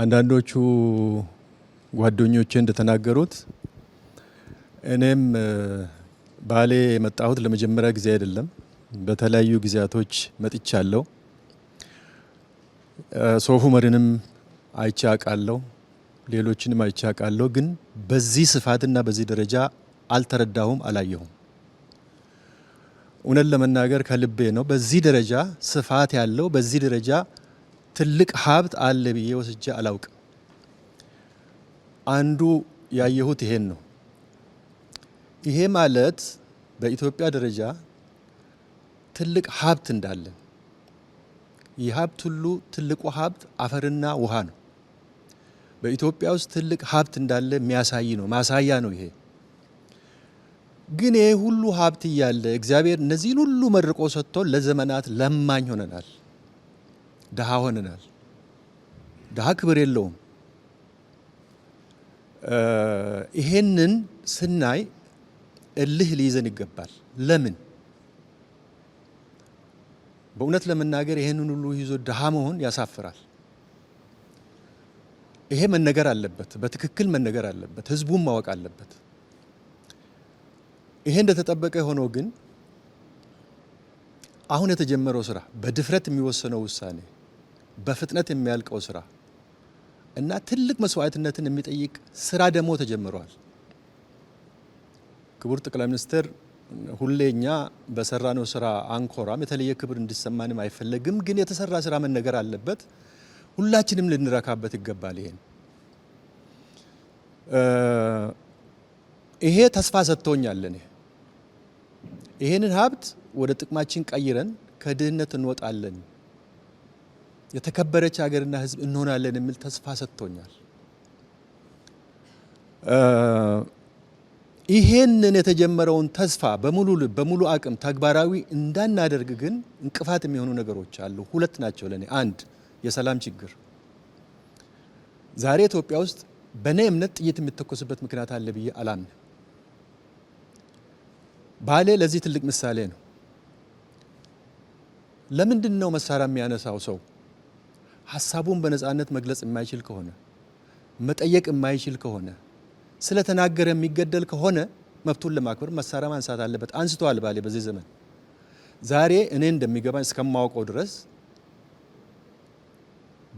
አንዳንዶቹ ጓደኞቼ እንደተናገሩት እኔም ባሌ የመጣሁት ለመጀመሪያ ጊዜ አይደለም። በተለያዩ ጊዜያቶች መጥቻለሁ። ሶፉ ዑመርንም አይቼ አውቃለሁ፣ ሌሎችንም አይቼ አውቃለሁ። ግን በዚህ ስፋትና በዚህ ደረጃ አልተረዳሁም፣ አላየሁም። እውነት ለመናገር ከልቤ ነው። በዚህ ደረጃ ስፋት ያለው በዚህ ደረጃ ትልቅ ሀብት አለ ብዬ ወስጄ አላውቅም። አንዱ ያየሁት ይሄን ነው። ይሄ ማለት በኢትዮጵያ ደረጃ ትልቅ ሀብት እንዳለን ይህ ሀብት ሁሉ ትልቁ ሀብት አፈርና ውሃ ነው። በኢትዮጵያ ውስጥ ትልቅ ሀብት እንዳለ የሚያሳይ ነው፣ ማሳያ ነው። ይሄ ግን ይሄ ሁሉ ሀብት እያለ እግዚአብሔር እነዚህን ሁሉ መርቆ ሰጥቶ ለዘመናት ለማኝ ሆነናል። ድሃ ሆነናል። ድሃ ክብር የለውም። ይሄንን ስናይ እልህ ሊይዘን ይገባል። ለምን? በእውነት ለመናገር ይሄንን ሁሉ ይዞ ድሃ መሆን ያሳፍራል። ይሄ መነገር አለበት፣ በትክክል መነገር አለበት፣ ህዝቡም ማወቅ አለበት። ይሄ እንደተጠበቀ ሆኖ ግን አሁን የተጀመረው ስራ በድፍረት የሚወሰነው ውሳኔ በፍጥነት የሚያልቀው ስራ እና ትልቅ መስዋዕትነትን የሚጠይቅ ስራ ደግሞ ተጀምሯል። ክቡር ጠቅላይ ሚኒስትር ሁሌኛ በሰራነው ስራ አንኮራም፣ የተለየ ክብር እንዲሰማንም አይፈለግም። ግን የተሰራ ስራ መነገር አለበት። ሁላችንም ልንረካበት ይገባል። ይሄን ይሄ ተስፋ ሰጥቶኛል። እኔ ይሄንን ሀብት ወደ ጥቅማችን ቀይረን ከድህነት እንወጣለን የተከበረች ሀገርና ህዝብ እንሆናለን የሚል ተስፋ ሰጥቶኛል። ይሄንን የተጀመረውን ተስፋ በሙሉ ልብ በሙሉ አቅም ተግባራዊ እንዳናደርግ ግን እንቅፋት የሚሆኑ ነገሮች አሉ። ሁለት ናቸው ለእኔ። አንድ የሰላም ችግር ዛሬ ኢትዮጵያ ውስጥ በእኔ እምነት ጥይት የሚተኮስበት ምክንያት አለ ብዬ አላምን። ባሌ ለዚህ ትልቅ ምሳሌ ነው። ለምንድን ነው መሳሪያ የሚያነሳው ሰው? ሀሳቡን በነፃነት መግለጽ የማይችል ከሆነ መጠየቅ የማይችል ከሆነ ስለተናገረ የሚገደል ከሆነ መብቱን ለማክበር መሳሪያ ማንሳት አለበት። አንስተዋል ባሌ በዚህ ዘመን ዛሬ እኔ እንደሚገባኝ እስከማውቀው ድረስ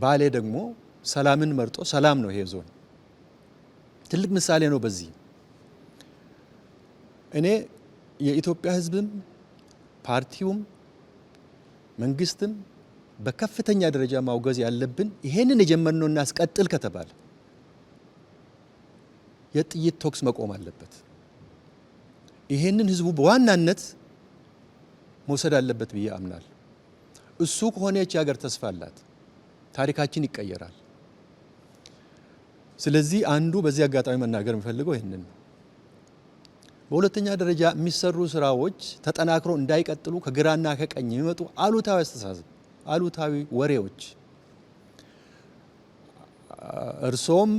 ባሌ ደግሞ ሰላምን መርጦ ሰላም ነው። ይሄ ዞን ትልቅ ምሳሌ ነው። በዚህ እኔ የኢትዮጵያ ሕዝብም ፓርቲውም መንግስትም በከፍተኛ ደረጃ ማውገዝ ያለብን ይሄንን የጀመርነው እናስቀጥል ከተባለ የጥይት ተኩስ መቆም አለበት። ይሄንን ህዝቡ በዋናነት መውሰድ አለበት ብዬ አምናል። እሱ ከሆነች የሀገር ተስፋ አላት፣ ታሪካችን ይቀየራል። ስለዚህ አንዱ በዚህ አጋጣሚ መናገር የሚፈልገው ይህንን ነው። በሁለተኛ ደረጃ የሚሰሩ ስራዎች ተጠናክሮ እንዳይቀጥሉ ከግራና ከቀኝ የሚመጡ አሉታዊ አስተሳሰብ አሉታዊ ወሬዎች እርሶም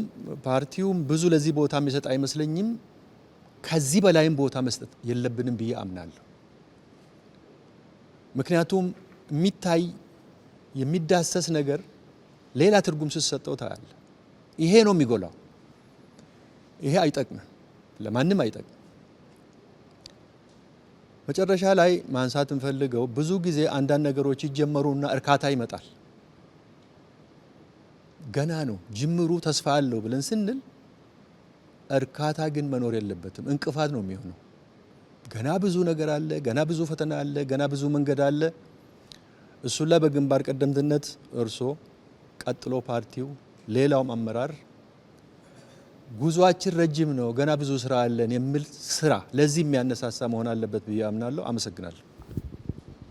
ፓርቲውም ብዙ ለዚህ ቦታ የሚሰጥ አይመስለኝም። ከዚህ በላይም ቦታ መስጠት የለብንም ብዬ አምናለሁ። ምክንያቱም የሚታይ የሚዳሰስ ነገር ሌላ ትርጉም ስትሰጠው ታያለ። ይሄ ነው የሚጎላው። ይሄ አይጠቅምም፣ ለማንም አይጠቅም። መጨረሻ ላይ ማንሳት እንፈልገው ብዙ ጊዜ አንዳንድ ነገሮች ይጀመሩና እርካታ ይመጣል። ገና ነው ጅምሩ ተስፋ አለው ብለን ስንል እርካታ ግን መኖር የለበትም፣ እንቅፋት ነው የሚሆነው። ገና ብዙ ነገር አለ፣ ገና ብዙ ፈተና አለ፣ ገና ብዙ መንገድ አለ። እሱን ላይ በግንባር ቀደምትነት እርሶ፣ ቀጥሎ ፓርቲው፣ ሌላውም አመራር ጉዟችን ረጅም ነው፣ ገና ብዙ ስራ አለን የሚል ስራ ለዚህ የሚያነሳሳ መሆን አለበት ብዬ አምናለሁ። አመሰግናለሁ።